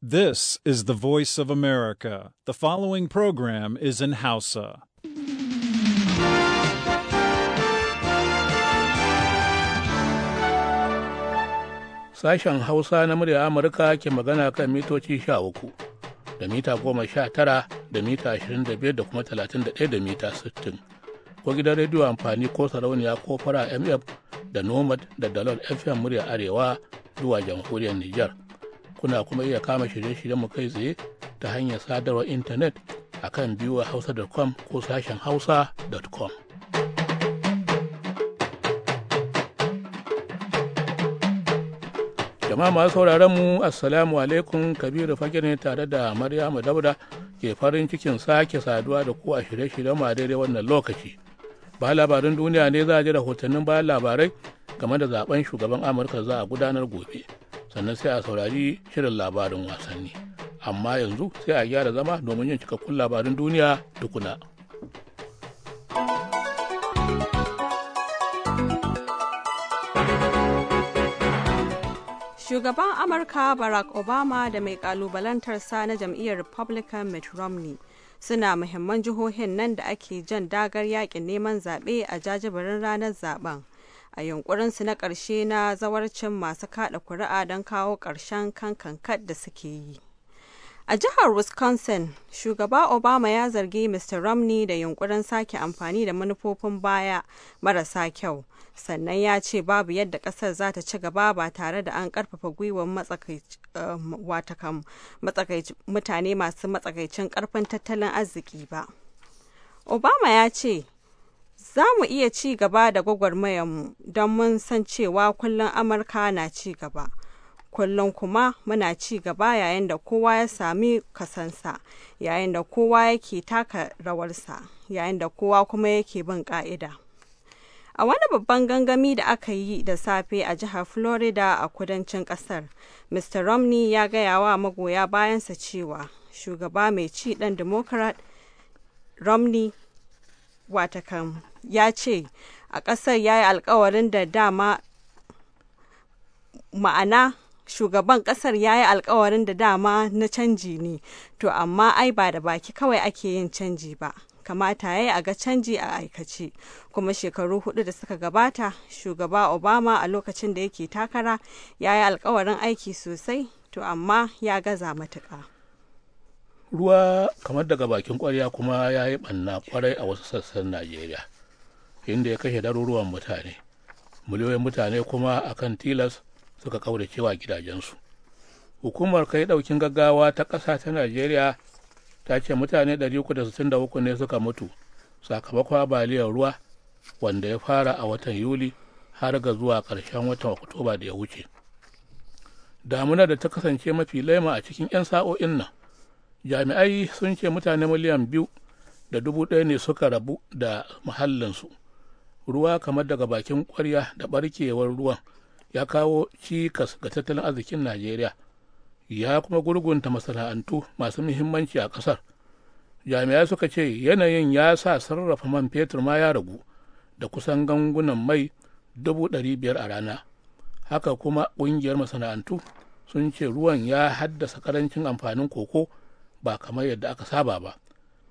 This is the voice of America. The following program is in Hausa. Sashen Hausa na murya Amurka ke magana kan mitoci sha uku, da mita goma sha tara, da mita ashirin da biyar da kuma talatin da ɗaya da mita sittin. Ko gidan rediyo amfani ko sarauniya ko fara MF da Nomad da Dalol FM murya Arewa zuwa jamhuriyar Nijar. kuna kuma iya kama shirye-shiryenmu kai tsaye ta hanyar sadarwar intanet a kan a hausa.com ko sashen hausa.com. jama'a masu sauraron mu assalamu alaikum kabiru fage ne tare da maryamu dauda ke farin cikin sake saduwa da ku a shirye-shiryen a daidai wannan lokaci ba labarin duniya ne za a ji rahotannin bayan labarai game da zaben shugaban amurka za a gudanar gobe sannan sai a saurari shirin labarin wasanni amma yanzu sai a gyara zama domin yin cikakkun labarin duniya tukuna. Shugaban Amurka Barack Obama da mai kalubalantarsa na jam'iyyar Republican Mitt Romney suna muhimman jihohin nan da ake jan dagar yakin neman zaɓe a jajibirin ranar zaben. a yunkurinsu na ƙarshe na zawarcin masu kaɗa kuri'a don kawo ƙarshen kankankat da suke yi. A jihar Wisconsin, shugaba Obama ya zargi Mr. Romney da yunkurin sake amfani da manufofin baya marasa kyau, sannan ya ce babu yadda ƙasar za ta ci gaba ba tare da an ƙarfafa gwiwar um, mutane masu matsakaicin ƙarfin tattalin arziki ba. Obama ya ce, Za mu iya ci gaba da gwagwarmayarmu don mun san cewa kullum Amurka na ci gaba, kullum kuma muna ci gaba yayin da kowa ya sami kasansa, yayin da kowa yake taka rawarsa, yayin da kowa kuma yake bin ƙa'ida. A wani babban gangami da aka yi da safe a jihar Florida a kudancin Kasar, Mr. Romney ya gaya wa magoya bayansa cewa shugaba mai ci ɗan Democrat Romney watakan ya ce a ƙasar ya yi alkawarin da dama ma'ana shugaban ƙasar ya yi alkawarin da dama na canji ne to amma ai ba da baki kawai ake yin canji ba kamata ya yi a ga canji a aikace kuma shekaru hudu da suka gabata shugaba obama a lokacin da yake takara ya yi alkawarin aiki sosai to amma ya gaza matuƙa. ruwa kamar daga bakin kwarya kuma ya yi ɓanna kwarai a wasu sassan najeriya inda ya kashe daruruwan mutane miliyoyin mutane kuma a kan tilas suka wa gidajensu hukumar kai daukin gaggawa ta ƙasa ta najeriya ta ce mutane 363 ne suka mutu sakamakon abaliyar ruwa wanda ya fara a watan yuli har ga zuwa ƙarshen watan oktoba da ya wuce damuna da ta kasance mafi laima a cikin 'yan sa'o'in nan jami'ai sun ce mutane miliyan biyu da dubu ɗaya ne suka rabu da muhallinsu ruwa kamar daga bakin kwarya da barkewar ruwan ya kawo cikas ga tattalin arzikin najeriya ya kuma gurgunta masana'antu masu muhimmanci a ƙasar jami'ai suka ce yanayin ya sa sarrafa man fetur ma ya ragu da kusan gangunan mai dubu ɗari biyar a rana haka kuma ƙungiyar masana'antu sun ce ruwan ya haddasa karancin amfanin koko ba kamar yadda aka saba ba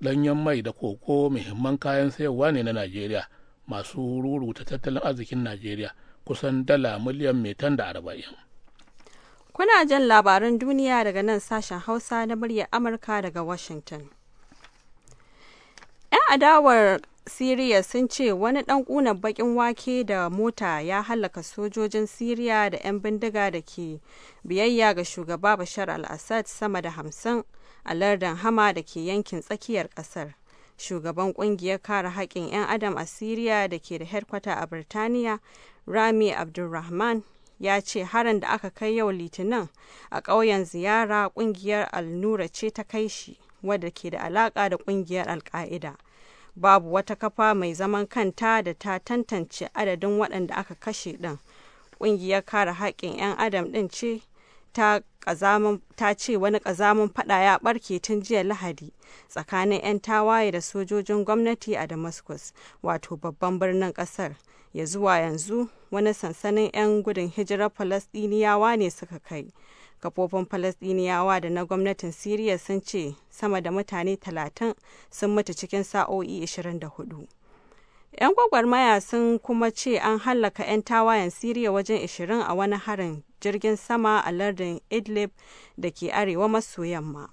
ɗanyen mai da koko muhimman kayan sayarwa ne na najeriya masu ruruta tattalin arzikin najeriya kusan dala miliyan metan da arba'in kuna jan labarin duniya daga nan sashen hausa na muryar amurka daga washington 'yan adawar Siriya sun ce wani ɗan ƙunan baƙin wake da mota ya hallaka sojojin Siriya da 'yan bindiga da ke biyayya ga shugaba Bashar al-Assad sama da hamsin a lardin Hama da ke yankin tsakiyar ƙasar. shugaban kungiyar kare haƙƙin 'yan adam a Siriya da ke da hedkwata a Birtaniya, Rami Abdulrahman, ya ce harin da aka kai yau Litinin a ƙauyen ziyara ƙungiyar Al-Nura ce ta kai shi, wadda ke da alaƙa da ƙungiyar al Babu wata kafa mai zaman kanta da ta tantance adadin waɗanda aka kashe ɗin. Ƙungiyar kare haƙƙin 'yan adam ɗin ce ta ce wani ƙazamin fada ya barke tun jiya Lahadi tsakanin 'yan tawaye da sojojin gwamnati a Damascus, wato babban birnin kasar Ya zuwa yanzu, wani sansanin 'yan gudun hijirar Falasɗiniyawa ne suka kai. kafofin falasdiniyawa da na gwamnatin siriya sun ce sama da mutane 30 sun mutu cikin sa'o'i 24 'yan gwagwarmaya sun kuma ce an hallaka 'yan tawayen siriya wajen 20 a wani harin jirgin sama a lardin idlib da ke arewa maso yamma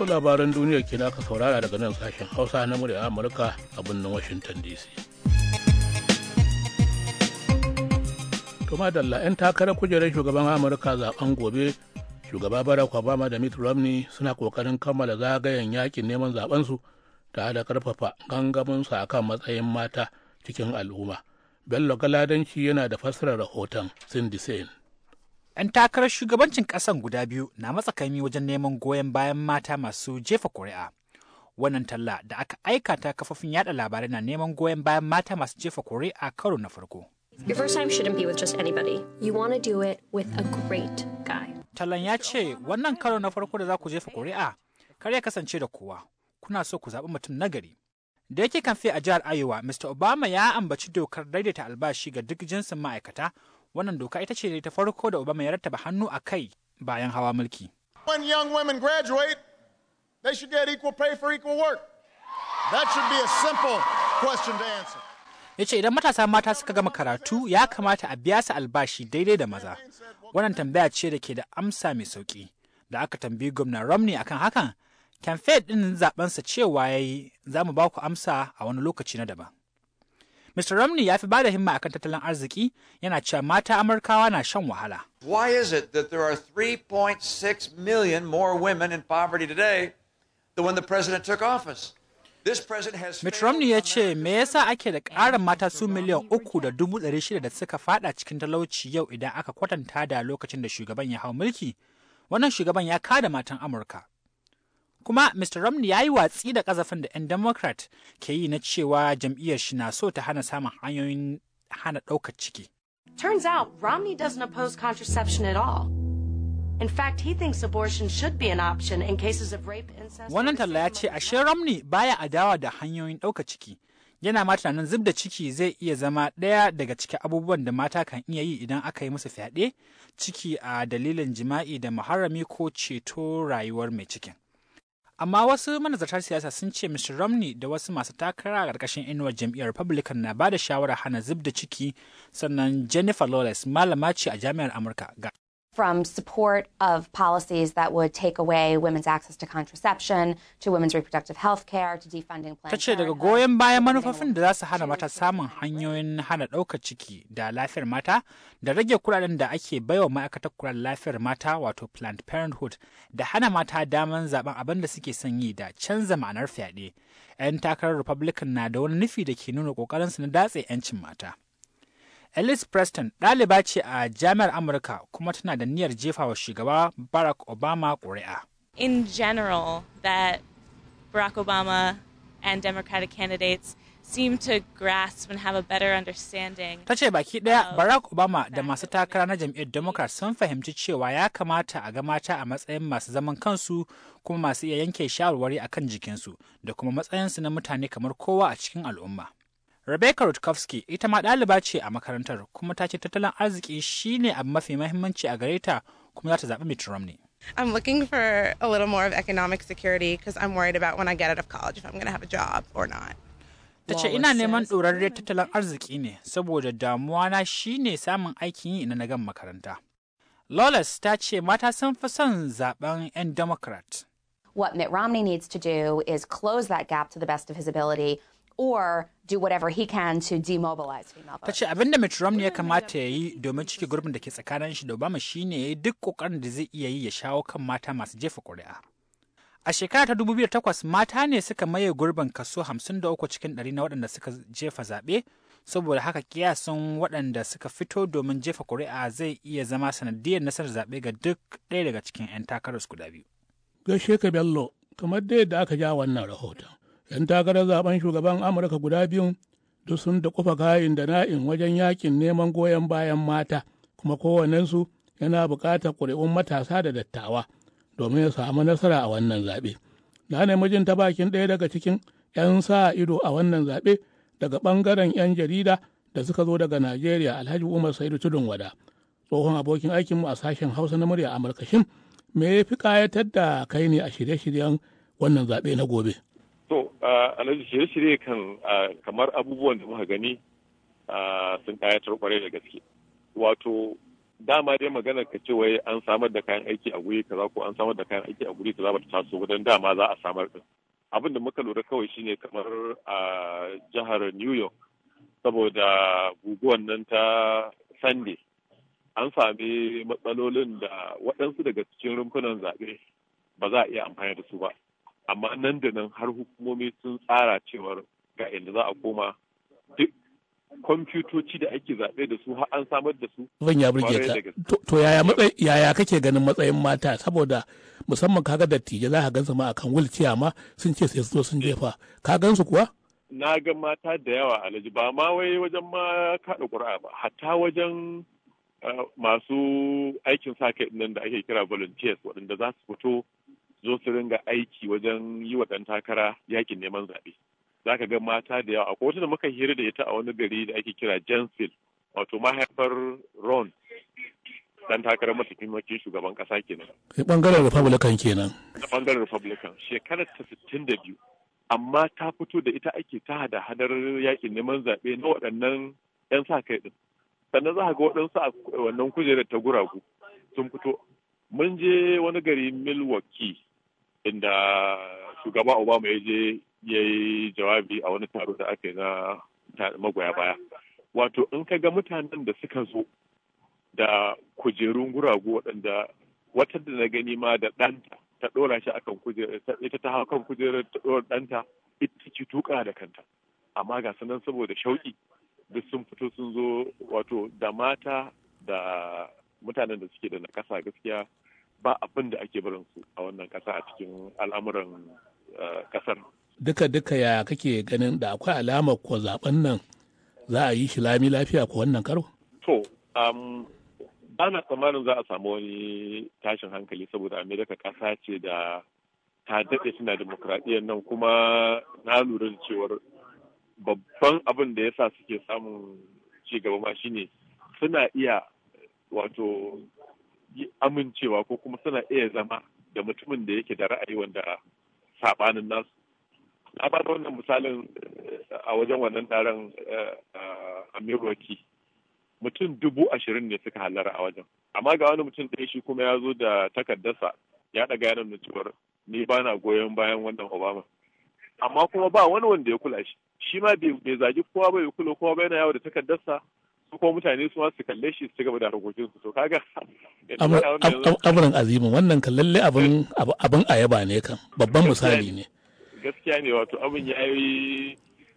Ko labaran duniyar ke ka saurara daga nan sashen Hausa na murya Amurka a birnin Washington DC. tuma madalla 'yan takarar kujerar shugaban Amurka zaben gobe shugaba Barack Obama da Mitt Romney suna kokarin kammala zagayen yakin neman zabensu ta da karfafa gangaminsu a kan matsayin mata cikin al'umma bello galadanci yana da fassarar rahoton Sain. 'yan takarar shugabancin ƙasan guda biyu na matsakami wajen neman goyon bayan mata masu jefa kuri'a wannan talla da aka aika ta kafofin yada labarai na neman goyon bayan mata masu jefa kuri'a karo na farko Your first time shouldn't be with just anybody. You Talan ya ce, wannan karo na farko da za ku jefa kuri'a, kar ya kasance da kowa. Kuna so ku zaɓi mutum nagari. Da yake kamfe a jihar Iowa, Mr. Obama ya ambaci dokar daidaita albashi ga duk jinsin ma'aikata. Wannan doka ita ce ta farko da Obama ya rattaba hannu a kai bayan hawa mulki. When young women graduate, they should get equal pay for equal work. That should be a simple question to answer. ya ce idan matasa mata suka gama karatu ya kamata a biya su albashi daidai da maza wannan tambaya ce da ke da amsa mai sauki da aka tambayi gwamna romney akan hakan Kamfe ɗin zaɓensa cewa ya yi za mu ba ku amsa a wani lokaci na daban. Mr. Romney ya fi ba da himma akan tattalin arziki yana cewa mata Amurkawa na shan wahala. Why is it that there are 3.6 million more women in poverty today than when the president took office? Mitt Romney ya ce me yasa ake da ƙarin mata su miliyan uku da dubu ɗari shida da suka faɗa cikin talauci yau idan aka kwatanta da lokacin da shugaban ya hau mulki? Wannan shugaban ya kada matan Amurka. Kuma Mr. Romney ya yi watsi da kazafin da 'yan Democrat ke yi na cewa jam'iyyar shi na so ta hana samun hanyoyin hana ɗaukar ciki. Turns out Romney doesn't oppose contraception at all. In fact, he thinks abortion should be an option in cases of rape, incest. Wannan talla ya ce ashe Romney baya adawa da hanyoyin ɗaukar ciki. Yana ma tunanin zub da ciki zai iya zama ɗaya daga cikin abubuwan da mata kan iya yi idan aka yi musu fyaɗe, ciki a dalilin jima'i da muharrami ko ceto rayuwar mai cikin. amma wasu manazartar siyasa sun ce Mr. Romney da wasu masu takara a ƙarƙashin inuwar jam'iyyar Republican na ba da shawarar hana zub da ciki sannan Jennifer lawless malama ce a jami'ar Amurka ga from support of policies that would take away women's access to contraception to women's reproductive health care to defunding planned Tace daga goyon bayan manufofin da za su hana mata samun hanyoyin hana ɗaukar ciki da lafiyar mata da rage kuɗaɗen da ake baiwa ma'aikatar kula da lafiyar mata wato Planned Parenthood da hana mata daman zaben abin da suke son yi da canza ma'anar fyaɗe. 'Yan takarar Republican na da wani nufi da ke nuna ƙoƙarinsu na datse 'yancin mata. Ellis Preston ɗaliba ce a jami'ar Amurka kuma tana da niyyar jefawa shugaba Barack Obama ƙuri'a. In general, that Barack Obama and Democratic candidates seem to grasp and have a better understanding. Ta ce baki ɗaya Barack Obama da masu takara na jam'iyyar Democrat sun fahimci cewa ya kamata a ga mata a matsayin masu zaman kansu kuma masu iya yanke shawarwari akan jikinsu da kuma matsayinsu na mutane kamar kowa a cikin al'umma. Rebecca Rutkowski ita ma ɗaliba ce a makarantar kuma ta ce tattalin arziki shine abu mafi mahimmanci a gare ta kuma za ta zaɓi Mitt Romney. I'm looking for a little more of economic security because I'm worried about when I get out of college if I'm going to have a job or not. Ta ce ina neman ɗorarriyar tattalin arziki ne saboda damuwa na shine samun aikin yi ina na gan makaranta. Lawless ta ce mata sun fi son zaben 'yan Democrat. What Mitt Romney needs to do is close that gap to the best of his ability or do whatever he can to demobilize female voters. Tace abinda Mitt Romney ya kamata ya yi domin cike gurbin da ke tsakanin shi da Obama ne ya yi duk kokarin da zai iya yi ya shawo kan mata masu jefa ƙuri'a. A shekara ta 2008 mata ne suka maye gurbin kaso 53 cikin 100 na waɗanda suka jefa zaɓe saboda haka kiyasin waɗanda suka fito domin jefa kuri'a zai iya zama sanadiyar nasarar zaɓe ga duk ɗaya daga cikin 'yan takaras guda biyu. gashe ka Bello, kamar dai da aka ja wannan rahoton. 'yan takarar zaben shugaban amurka guda biyun duk sun da kufa kayan da na'in wajen yakin neman goyon bayan mata kuma kowannensu yana bukatar ƙuri'un matasa da dattawa domin ya samu nasara a wannan zaɓe na nemi jin ta bakin ɗaya daga cikin 'yan sa ido a wannan zaɓe daga ɓangaren 'yan jarida da suka zo daga najeriya alhaji umar saidu tudun wada tsohon abokin aikinmu a sashen hausa na murya amurka shin me ya fi kayatar da kai ne a shirye-shiryen wannan zaɓe na gobe To, nan uh, shirye-shirye kan uh, kamar abubuwan da muka gani uh, sun kayatar kwarai da gaske. Wato, dama dai magana ka ce wai an samar da kayan aiki a guri kaza ko an samar da kayan aiki a guri kaza ba ta taso wajen dama za a samar din. Abin da muka lura kawai shine kamar a jihar New York saboda guguwan nan ta Sunday an sami matsalolin da waɗansu daga cikin rumfunan zaɓe ba za a iya amfani da su ba amma nan da nan har hukumomi sun tsara cewar ga inda za a koma duk kwamfutoci da ake zaɓe da su an samar da su. Ban ya burge ka. To yaya matsayi yaya kake ganin matsayin mata saboda musamman kaga dattijai za ka gansu ma akan wulciya ma sun ce sai su zo sun eh. jefa. Ka gansu kuwa? Na ga mata da yawa alhaji ba ma wai wajen ma kaɗa ƙuri'a ba hatta wajen eh, masu aikin sa kai nan da ake kira volunteers waɗanda za su fito zo su ringa aiki wajen yi wa ɗan takara yakin neman zaɓe. Za ka ga mata da yawa, akwai wata da muka hira da ita a wani gari da ake kira jensil wato mahaifar Ron, ɗan takarar mataimakin shugaban ƙasa kenan. Eh, ɓangaren Republican kenan. Ɓangaren Republican, shekarar ta sittin da biyu. Amma ta fito da ita ake ta hada hadar yakin neman zaɓe na waɗannan 'yan sa kai ɗin. Sannan za ka ga waɗansu a wannan kujerar ta guragu sun fito. Mun je wani gari Milwaukee inda shugaba obama ya je ya yi jawabi a wani taro da ake na magoya baya wato in ka ga mutanen da suka zo da kujerun guragu waɗanda wata da na gani ma da ɗanta ta ɗora shi akan kujerar ita ta hawa kujerar ta ɗora ɗanta ita ce tuka da kanta amma ga sanan saboda shauƙi duk sun fito sun zo wato da mata da mutanen da suke da naƙasa gaskiya ba abin da ake barin su a wannan kasa a cikin al'amuran eh, ƙasar. Duka duka ya kake ganin da akwai alamar ko zaben nan za a yi shi lami lafiya ko wannan karo? To, um, ba na tsammanin za a samu wani tashin hankali saboda Amerika kasa ce da ta daɗe suna demokradiyyar nan kuma na lura da cewar babban abin da ya sa suke samun ci gaba ma shine suna iya wato yi amincewa ko kuma suna iya zama da mutumin da yake da ra'ayi wanda sabanin nasu na ba da wannan misalin eh, a wajen wannan taron eh, amiroki mutum dubu ashirin ne suka halara a wajen amma ga wani mutum ɗaya shi kuma ya zo da takardarsa ya ɗaga yanar da cewar ni ba na goyon bayan wannan obama amma kuma ba wani wanda ya kula shi shi ma bai zagi kowa ba ya kula kowa ba yana yawo da takardarsa su kuma mutane su su kalle shi su cigaba gaba da harkokin su to kaga amurin azimin wannan kallalle abin abin ayaba ne kan babban misali ne gaskiya ne wato abin ya yi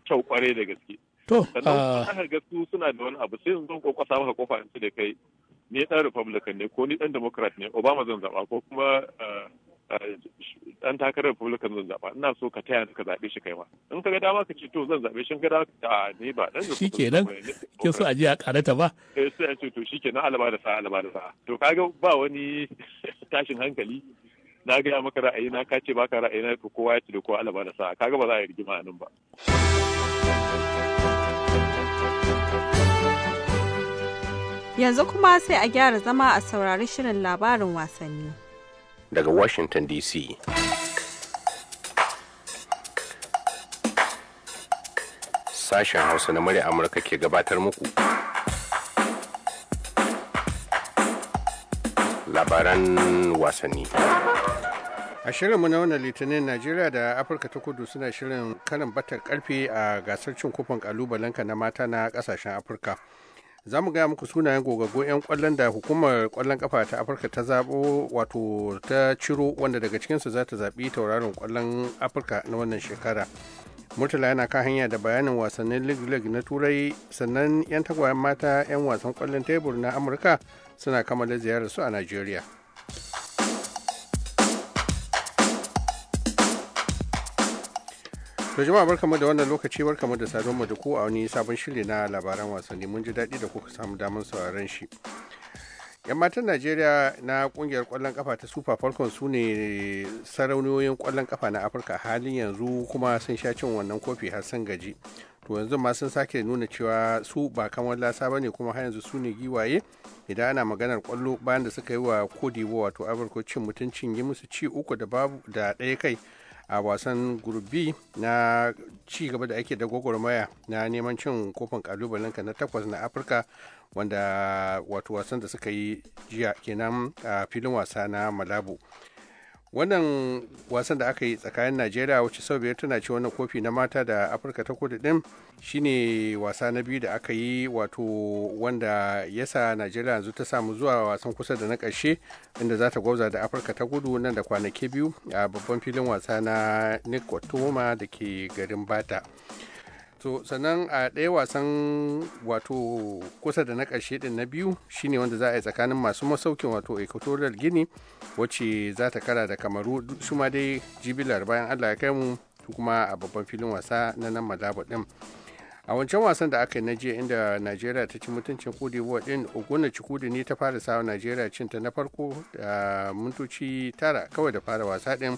kyau kwarai da gaske to sannan ah. ga su suna da wani abu sai zan kokosa maka kofa in da kai ni dan republican ne ko ni dan democrat ne obama zan zaba ko kuma ah, dan takarar republican zan zaba ina so ka taya ka zabe shi kai ma in ka ga dama ka ce to zan zabe shi ka da ne ba dan shi kenan ke so aje a karata ba eh sai a ce to shi kenan alaba da sa'a alaba da sa'a to kaga ba wani tashin hankali na gaya maka ra'ayi na ka ce baka ra'ayi na to kowa ya ce da kowa alaba da sa'a kaga ba za a yi rigima nan ba Yanzu kuma sai a gyara zama a saurari shirin labarin wasanni. daga Washington DC. Sashen Hausa na murya Amurka ke gabatar muku. Labaran wasanni. a shirinmu na wannan litinin najeriya da afirka ta kudu suna shirin karin batar karfe a gasar cin kofin kalubalenka na mata na kasashen afirka za mu gaya muku sunayen gogaggo 'yan kwallon da hukumar kwallon kafa ta afirka ta zaɓo wato ta ciro wanda daga cikinsu za ta zaɓi tauraron kwallon afirka na wannan shekara murtala yana kan hanya da bayanin wasannin league league na turai sannan 'yan tagwayen mata 'yan wasan kwallon tebur na amurka suna kammala ziyarar su a nigeria To jama'a barkamu da wannan lokaci barkamu da sadon mu da ku a wani sabon shiri na labaran wasanni mun ji daɗi da kuka samu damar sauraron shi. 'yan matan najeriya na kungiyar kwallon kafa ta super falcons su ne sarauniyoyin kwallon kafa na afirka halin yanzu kuma sun sha cin wannan kofi har sun gaji to yanzu ma sun sake nuna cewa su ba kamar lasa ba ne kuma har yanzu su ne giwaye idan ana maganar kwallo bayan da suka yi wa kodiwo wato afirka cin mutuncin yi musu ci uku da babu da ɗaya kai a wasan gurbi na ci gaba da ake da gwagwarmaya na neman cin kofin kalubalenka na takwas na afirka wanda wato wasan da suka yi jiya kenan a filin wasa na malabo wannan wasan da aka yi tsakanin najeriya wacce sau biyar tana ci wannan kofi na mata da afirka ta kudu din shine wasa na biyu da aka yi wato wanda ya sa najeriya yanzu ta samu zuwa wasan kusa da na karshe inda za ta gwauza da afirka ta kudu nan da kwanaki biyu a babban filin wasa na nick da ke garin bata to sannan a ɗaya wasan wato kusa da na ƙarshe ɗin na biyu shine wanda za a yi tsakanin masu masaukin wato equatorial gini wacce za ta kara da kamaru su ma dai jibilar bayan allah ya kai mu kuma a babban filin wasa na nan malaba ɗin a wancan wasan da aka yi na jiya inda najeriya ta ci mutuncin kudi ɗin din ci kudi ne ta fara sawa najeriya cinta na farko da mintoci tara kawai da fara wasa ɗin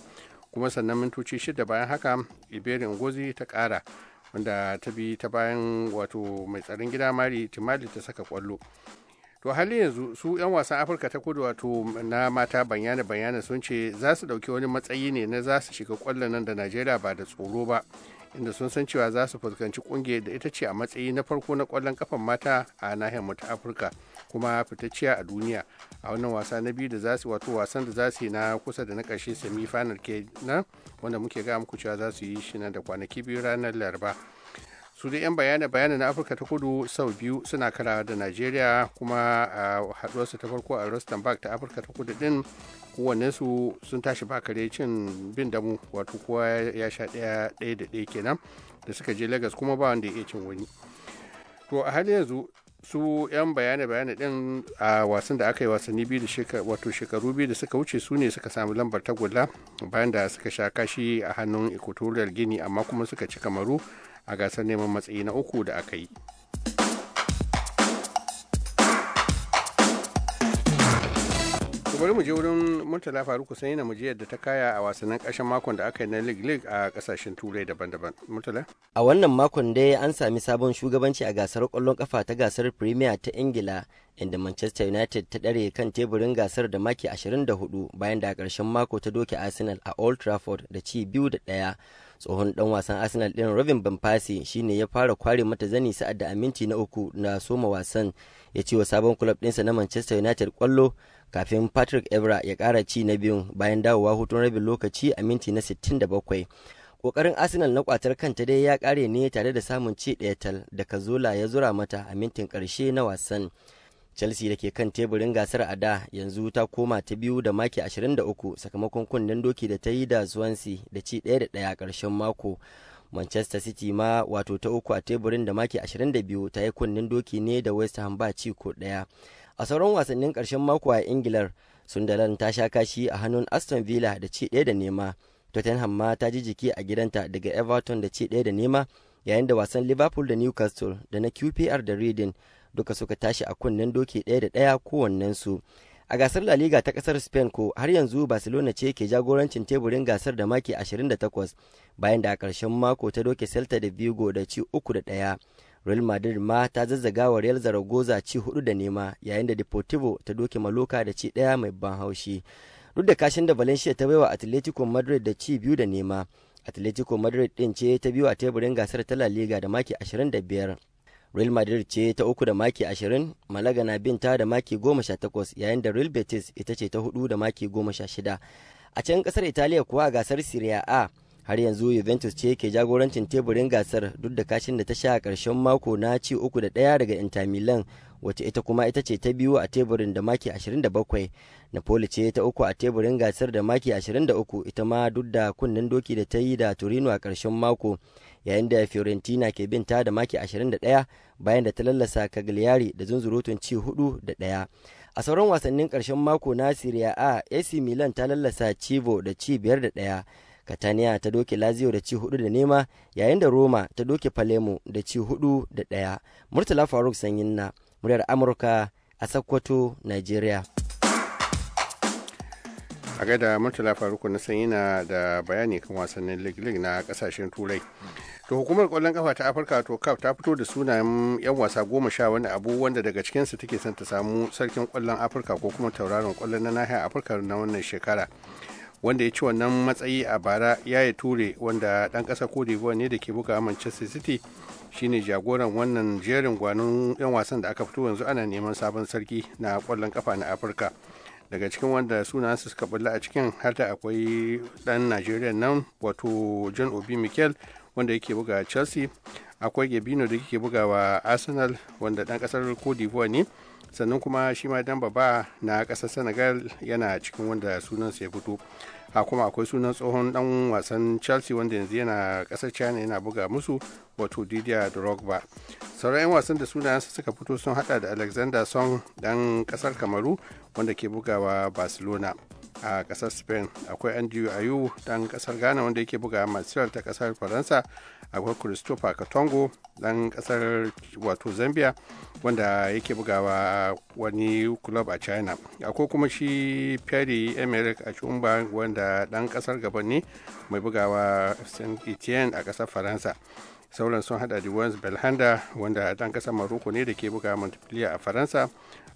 kuma sannan mintoci shida bayan haka iberin gozi ta kara wanda ta bi ta bayan wato mai tsarin gida mari timali ta saka kwallo to halin yanzu su 'yan wasan afirka ta kudu wato na mata bayana bayana sun ce za su dauki wani matsayi ne na za su shiga kwallon nan da najeriya ba da tsoro ba inda sun san cewa za su fuskanci kungiyar da ita ce a matsayi na farko na kwallon kafan mata a nahiyar mu ta afirka kuma fitacciya a duniya a wannan wasa na biyu da za su wato wasan da za su yi na kusa da na karshe semi final nan wanda muke ga muku cewa za su yi shi nan da kwanaki biyu ranar laraba su da 'yan bayanan bayanan na afirka ta kudu sau biyu suna kara da najeriya kuma a haɗuwarsu ta farko a rustenburg ta afirka ta kudu din su sun tashi ba kare cin bin damu wato kowa ya sha ɗaya ɗaya da ɗaya kenan da suka je lagos kuma ba wanda ya iya cin wani to a hali yanzu su 'yan bayane-bayane din a wasan da aka yi wasanni biyu da wato shekaru biyu da suka wuce su ne suka samu lambar tagulla bayan da suka sha kashi a hannun equatorial guinea amma kuma suka ci kamaru a gasar neman matsayi na uku da aka yi mu je wurin murtala faruku sai mu yadda ta kaya a wasannin ƙarshen makon da aka yi na league league a ƙasashen turai daban-daban murtala a wannan makon dai an sami sabon shugabanci a gasar ƙwallon kafa ta gasar premier ta ingila inda manchester united ta ɗare kan teburin gasar da maki 24 bayan da a ƙarshen mako ta doke arsenal a old trafford da ci biyu da ɗaya tsohon dan wasan arsenal din robin banfasi shine ya fara kware mata zani sa'ad da aminci na uku na soma wasan ya ce wa sabon club ɗinsa na manchester united kwallo kafin Patrick Evra ya kara ci na biyun bayan dawowa hutun rabin lokaci a minti na 67. kokarin Arsenal na kwatar kanta dai ya kare ne tare da samun ci ɗaya tal da Kazola ya zura mata a mintin karshe na wasan. Chelsea da ke kan teburin gasar a da yanzu ta koma ta biyu da maki 23 sakamakon kunnen doki da ta yi da Swansea da ci ɗaya da ɗaya a ƙarshen mako. Manchester City ma wato ta uku a teburin da maki 22 ta yi kunnen doki ne da West Ham ba ci ko ɗaya. a sauran wasannin ƙarshen mako a ingilar sundalan ta sha kashi a hannun aston villa da ci ɗaya da nema tottenham ma ta ji jiki a gidanta daga everton da ci ɗaya da nema yayin da wasan liverpool da newcastle da na qpr da reading duka suka tashi a kunnen doki ɗaya da ɗaya kowannensu a gasar la liga ta kasar spain ko har yanzu barcelona ce ke jagorancin teburin gasar da maki 28 bayan da a ƙarshen mako ta doke celta da vigo da ci uku da ɗaya Real Madrid ma ta zazzaga wa Real Zaragoza ci hudu da nema yayin da Deportivo ta doke Maloka da ci ɗaya mai ban haushi. Duk da kashin da Valencia ta baiwa Atletico Madrid da ci biyu da nema, Atletico Madrid ɗin ce ta biyu a teburin gasar ta La Liga da maki 25. Real Madrid ce ta uku da maki 20, Malaga na bin ta da maki 18 yayin da Real Betis ita ce ta hudu da maki 16. A can kasar Italiya kuwa a gasar Serie A har yanzu juventus ce ke jagorancin teburin gasar duk da kashin da ta sha a ƙarshen mako na ci uku da ɗaya daga inter milan wacce ita kuma ita ce ta biyu a teburin da maki 27 napoli ce ta uku a teburin gasar da maki 23 ita ma duk da kunnen doki da ta yi da torino a karshen mako yayin da fiorentina ke bin ta da maki 21 bayan da ta lallasa cagliari da zunzurutun ci 4 da ɗaya a sauran wasannin karshen mako na serie a ac milan ta lallasa chivo da ci 5 da 1 kataniya ta doke Lazio da ci hudu da nema yayin da Roma ta doke Palermo da ci hudu da ɗaya. Murtala Faruk Sanyin na muryar Amurka a Sokoto, Nigeria. a gaida murtala faruk na sanyi na da bayani kan wasannin lig-lig na kasashen turai to hukumar kwallon kafa ta afirka to kaf ta fito da sunayen yan wasa goma sha wani abu wanda daga cikinsu take son ta samu sarkin kwallon afirka ko kuma tauraron kwallon na nahiyar afirka na wannan shekara wanda ya ci wannan matsayi a bara ya yi ture wanda ɗan ƙasar cote ne da ke buga manchester city shine jagoran wannan jerin gwanon 'yan wasan da aka fito yanzu ana neman sabon sarki na kwallon kafa na afirka daga cikin wanda sunan su suka bulla a cikin har da akwai dan nigeria nan wato john obi mikel wanda yake buga chelsea akwai gabino da yake bugawa arsenal wanda dan kasar cote d'ivoire ne sannan kuma shi ma dan baba na kasar senegal yana cikin wanda sunansa ya fito a kuma akwai sunan tsohon dan wasan chelsea wanda yanzu yana kasar china yana buga musu wato didier drogba sauran 'yan wasan da sunayensa suka fito sun hada da alexander song dan kasar kamaru wanda ke bugawa barcelona a kasar spain akwai andrew ayu dan kasar ghana wanda yake bugawa masirar ta kasar faransa akwai christopher katongo dan kasar wato zambia wanda yake bugawa wani club a china akwai kuma shi perry a achumba wanda dan kasar gaban ne mai bugawa saint etienne a kasar faransa sauran sun hada da wans belhanda wanda dan kasar maroko ne da ke buga montpellier a faransa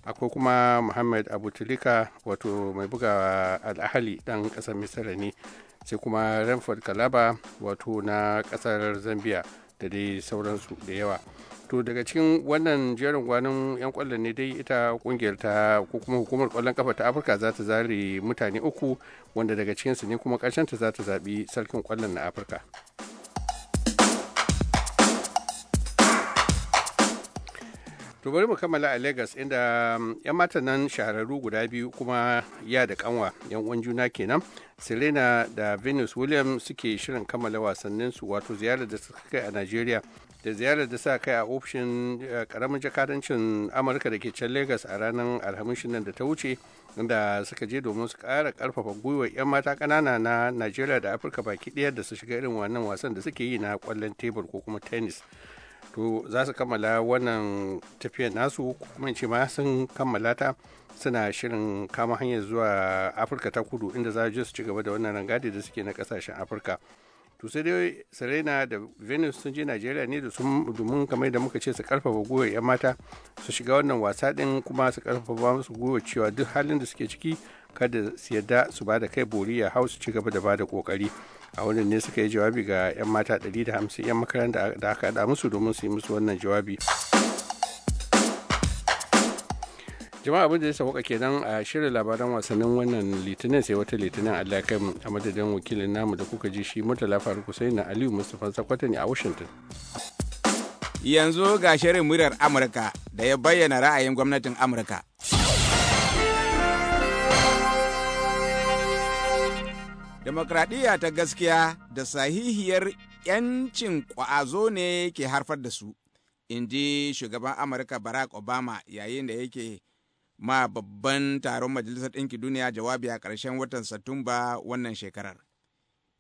akwai kuma muhammad abutulika wato mai buga al'ahali dan kasar misira ne sai kuma renford Kalaba wato na kasar Zambia da dai sauransu da yawa. To daga cikin wannan jerin gwanin 'yan kwallon ne dai ita kungiyar ta ko kuma hukumar kwallon kafa ta Afirka za ta zare mutane uku wanda daga cikinsu ne kuma ƙarshen ta za ta zaɓi sarkin kwallon na Afirka. To bari mu kammala a Lagos inda um, 'yan mata nan shahararru guda biyu kuma ya da kanwa 'yan uwan juna kenan. Selena da Venus Williams suke shirin kammala wasannin su wato ziyarar da suka kai a Najeriya da ziyarar da sa kai a ofishin karamin uh, jakadancin Amurka da ke can Lagos a ranar Alhamishin nan da ta wuce inda suka je domin su kara karfafa gwiwar 'yan mata kanana na Najeriya da Afirka baki ɗaya da su shiga irin wannan wasan da suke yi na kwallon tebur ko kuma tennis. to za su kammala wannan tafiyar nasu kuma ce ma sun kammala ta suna shirin kama hanyar zuwa afirka ta kudu inda za su ci gaba da wannan rangadi da suke na kasashen afirka to sai dai serena da venus sun je najeriya ne da sun domin kamar da muka ce su karfafa gwiwa 'yan mata su shiga wannan wasa din kuma su karfafa musu gwiwa cewa duk halin da suke ciki kada su yadda su ba da kai boriya hau su ci gaba da ba da kokari a wannan ne suka yi jawabi ga 'yan mata 150 'yan makaranta da aka da musu domin su yi musu wannan jawabi jama'a abin da ya sauka kenan a shirin labaran wasannin wannan litinin sai wata litinin allah kai a madadin wakilin namu da kuka ji shi murtala faruk hussein na aliyu mustapha ne a washington yanzu ga shirin muryar amurka da ya bayyana ra'ayin gwamnatin amurka Demokradiyya ta gaskiya da sahihiyar 'yancin ƙwazo ne ke harfar da su, in ji shugaban Amurka Barack Obama yayin da yake ma babban taron Majalisar Ɗinki Duniya jawabi a ƙarshen watan Satumba wannan shekarar.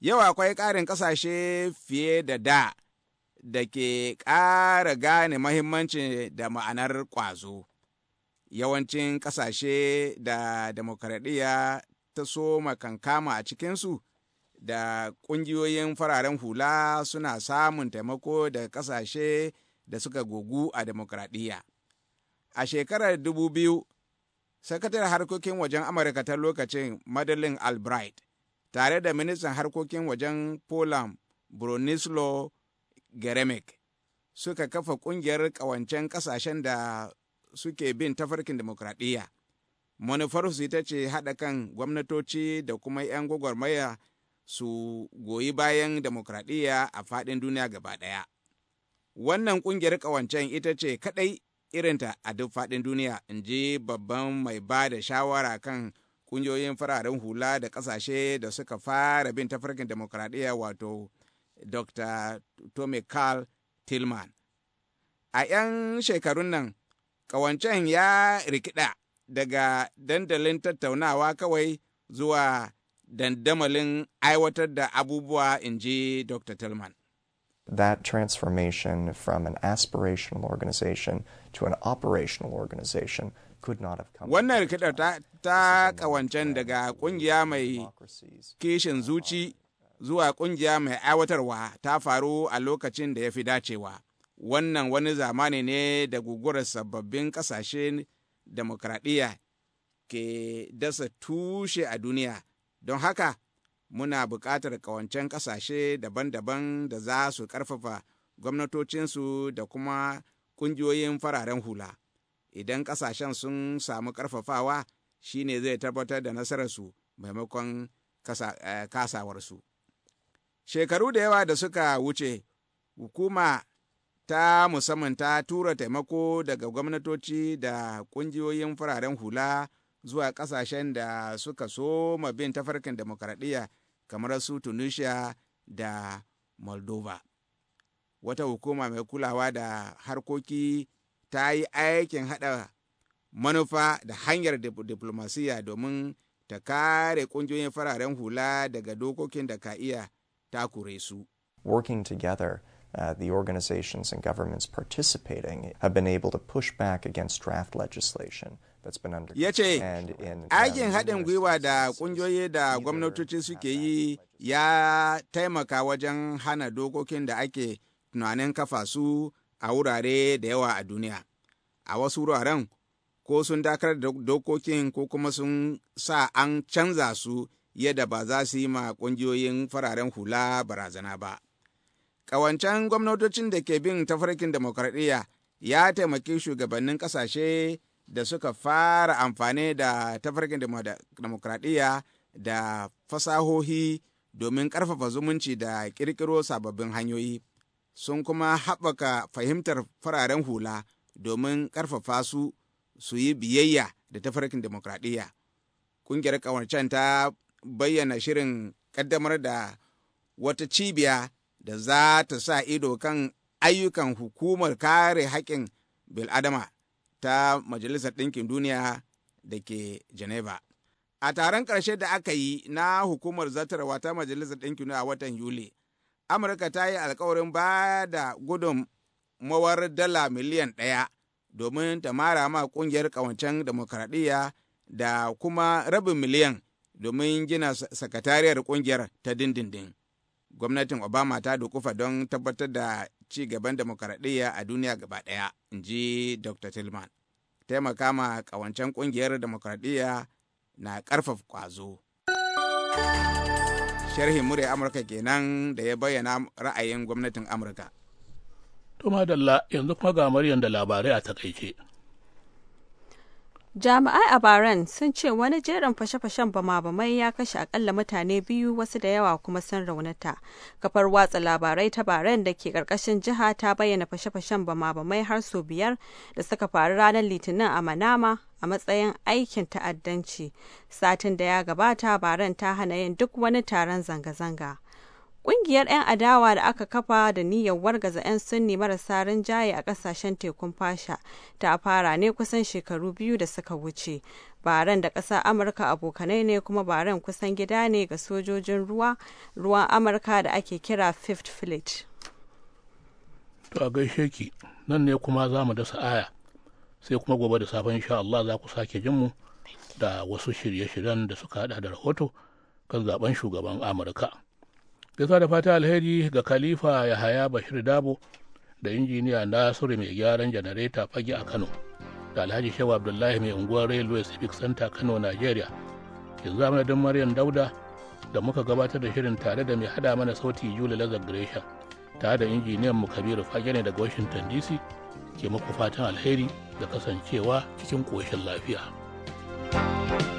Yau akwai ƙarin ƙasashe fiye da da da ke ƙara gane mahimmanci da ma'anar ƙwazo. Yawancin ƙasashe da demokradiyya ta soma kankama a cikinsu da ƙungiyoyin fararen hula suna samun taimako da ƙasashe da suka gugu a demokradiyya. A shekarar 2000, sakatar harkokin wajen Amurka ta lokacin madeline Albright, tare da ministan harkokin wajen Poland Bronislaw Geremek, suka kafa ƙungiyar ƙawancen ƙasashen da suke bin tafarkin demokradiyya. manufarsu ita ce haɗa kan gwamnatoci da kuma 'yan gwagwarmaya su goyi bayan demokradiyya a faɗin duniya gaba ɗaya. Wannan ƙungiyar ƙawancen ita ce kaɗai irinta a duk faɗin duniya, in ji babban mai ba da shawara kan ƙungiyoyin fararen hula da ƙasashe da suka fara bin tafarkin demokradiyya wato Dr. tommy Carl Tillman. A 'yan shekarun nan, ƙawancen ya rikida daga dandalin tattaunawa kawai zuwa dandamalin aiwatar da abubuwa in ji Dr. Tillman. That transformation from an aspirational organization to an operational organization could not have come. Wannan rikidar ta, ta kawancen daga kungiya mai kishin zuci zuwa kungiya mai aiwatarwa ta faru a lokacin da ya fi dacewa. Wannan wani zamani ne da guguwar sababbin ƙasashe demokradiyya ke dasa tushe a duniya don haka muna buƙatar ƙawancen ƙasashe daban-daban da za su ƙarfafa gwamnatocinsu da kuma ƙungiyoyin fararen hula idan ƙasashen sun samu ƙarfafawa shine zai tabbatar da nasararsu maimakon eh, kasawarsu shekaru da yawa da suka wuce hukuma ta musamman ta tura taimako daga gwamnatoci da ƙungiyoyin fararen hula zuwa kasashen da suka soma bin tafarkin demokaradiyya kamar su tunisia da moldova wata hukuma mai kulawa da harkoki ta yi aikin haɗa manufa da hanyar diplomasiya domin ta kare ƙungiyoyin fararen hula daga dokokin da ka iya takure su. Working together uh, the organizations and governments participating have been able to push back against draft legislation. Ya ce, um, aikin haɗin gwiwa da ƙungiyoyi da gwamnatoci suke yi ya taimaka wajen hana dokokin da ake tunanin kafa su a wurare da yawa a duniya. A wasu wuraren, ko sun dakar da dokokin ko kuma sun sa an canza su yadda ba za su yi ma ƙungiyoyin fararen hula barazana ba. ƙawancen gwamnatocin da ke bin tafarkin demokradiyya ya taimaki shugabannin kasashe da suka fara amfani da tafarkin demokradiyya da fasahohi domin ƙarfafa zumunci da ƙirƙiro sababbin hanyoyi sun kuma haɓaka fahimtar fararen hula domin ƙarfafa su su yi biyayya da tafarkin demokradiyya ƙungiyar ƙawancen ta bayyana shirin ƙaddamar da wata cibiya da za ta sa ido kan ayyukan hukumar kare haƙƙin bil'adama ta Majalisar Ɗinkin Duniya da ke Geneva. A taron ƙarshe da aka yi na hukumar zartarwa ta Majalisar Ɗinkin Duniya a watan Yuli, Amurka ta yi alkawarin ba da gudunmawar dala miliyan ɗaya domin ta mara ma ƙungiyar ƙawancen demokaradiyya da kuma rabin miliyan domin gina sakatariyar ƙungiyar ta dindindin. gwamnatin obama ta dukufa don tabbatar da ci gaban demokaradiyya a duniya gaba ɗaya in ji dr tillman taimaka ma kawancen ƙungiyar demokaradiyya na karfafa kwazo sharhin murya amurka kenan da ya bayyana ra'ayin gwamnatin amurka to madalla yanzu kuma ga maryan da labarai a takaice Jami'ai a Bahrain sun ce wani jerin fashe-fashen bama-bamai ya kashe akalla mutane biyu wasu da yawa kuma sun raunata. Kafar watsa labarai ta Bahrain da ke karkashin jiha ta bayyana fashe-fashen bama-bamai har sau biyar da suka faru ranar Litinin a Manama a matsayin aikin ta'addanci. Satin da ya gabata Bahrain ta hana yin duk wani taron zanga-zanga. Ƙungiyar 'yan adawa da aka kafa da niyyar wargaza 'yan Sunni marasa rinjaye a ƙasashen tekun Fasha ta fara ne kusan shekaru biyu da suka wuce. baran da ƙasa Amurka abokanai ne kuma baran kusan gida ne ga sojojin ruwa ruwan Amurka da ake kira Fifth Fleet. To a gaishe ki nan ne kuma za mu dasa aya sai kuma gobe da safe insha Allah za ku sake jin mu da wasu shirye-shiryen da suka hada da rahoto kan zaben shugaban Amurka. gaisuwa da fata alheri ga khalifa yahaya bashir dabo da injiniya nasiru mai gyaran janareta fage a kano da alhaji shehu abdullahi mai unguwar railway civic center kano nigeria yanzu don maryam dauda da muka gabatar da shirin tare da mai hada mana sauti juli lazar gresham tare da injiniyan mu kabiru fage ne daga washington dc ke muku fatan alheri da kasancewa cikin koshin lafiya. thank you